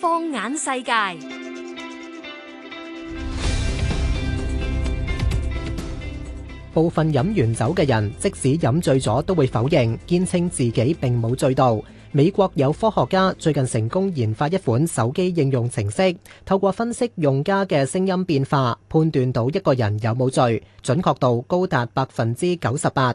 放眼世界，部分飲完酒嘅人，即使飲醉咗，都會否認，堅稱自己並冇醉到。美國有科學家最近成功研發一款手機應用程式，透過分析用家嘅聲音變化，判斷到一個人有冇醉，準確度高達百分之九十八。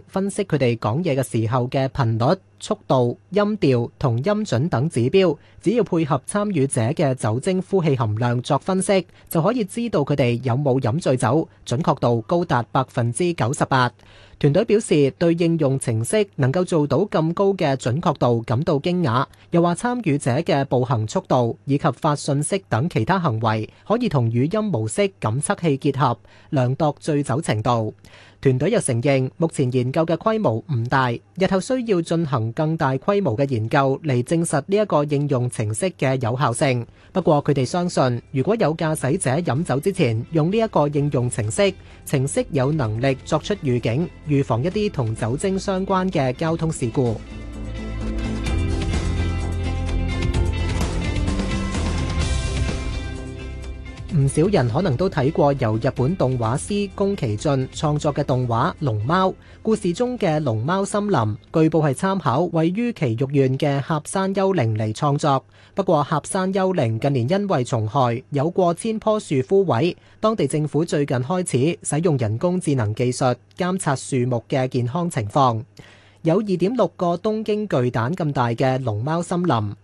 分析佢哋講嘢嘅時候嘅頻率、速度、音調同音準等指標，只要配合參與者嘅酒精呼氣含量作分析，就可以知道佢哋有冇飲醉酒，準確度高達百分之九十八。團隊表示對應用程式能夠做到咁高嘅準確度感到驚訝，又話參與者嘅步行速度以及發訊息等其他行為可以同語音模式感測器結合量度醉酒程度。團隊又承認目前研究嘅規模唔大，日後需要進行更大規模嘅研究嚟證實呢一個應用程式嘅有效性。不過佢哋相信，如果有駕駛者飲酒之前用呢一個應用程式，程式有能力作出預警，預防一啲同酒精相關嘅交通事故。唔少人可能都睇過由日本動畫師宮崎駿創作嘅動畫龍貓，故事中嘅龍貓森林，據報係參考位於埼玉縣嘅狹山丘陵嚟創作。不過狹山丘陵近年因為蟲害，有過千棵樹枯萎，當地政府最近開始使用人工智能技術監察樹木嘅健康情況，有二點六個東京巨蛋咁大嘅龍貓森林。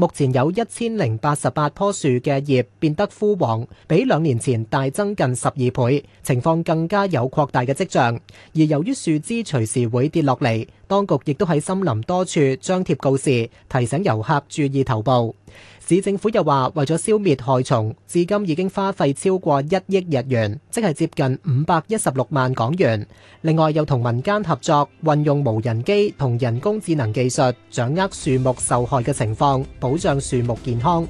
目前有一千零八十八棵樹嘅葉變得枯黃，比兩年前大增近十二倍，情況更加有擴大嘅跡象。而由於樹枝隨時會跌落嚟，當局亦都喺森林多處張貼告示，提醒遊客注意頭部。市政府又話，為咗消滅害蟲，至今已經花費超過一億日元，即係接近五百一十六萬港元。另外，又同民間合作，運用無人機同人工智能技術，掌握樹木受害嘅情況，保障樹木健康。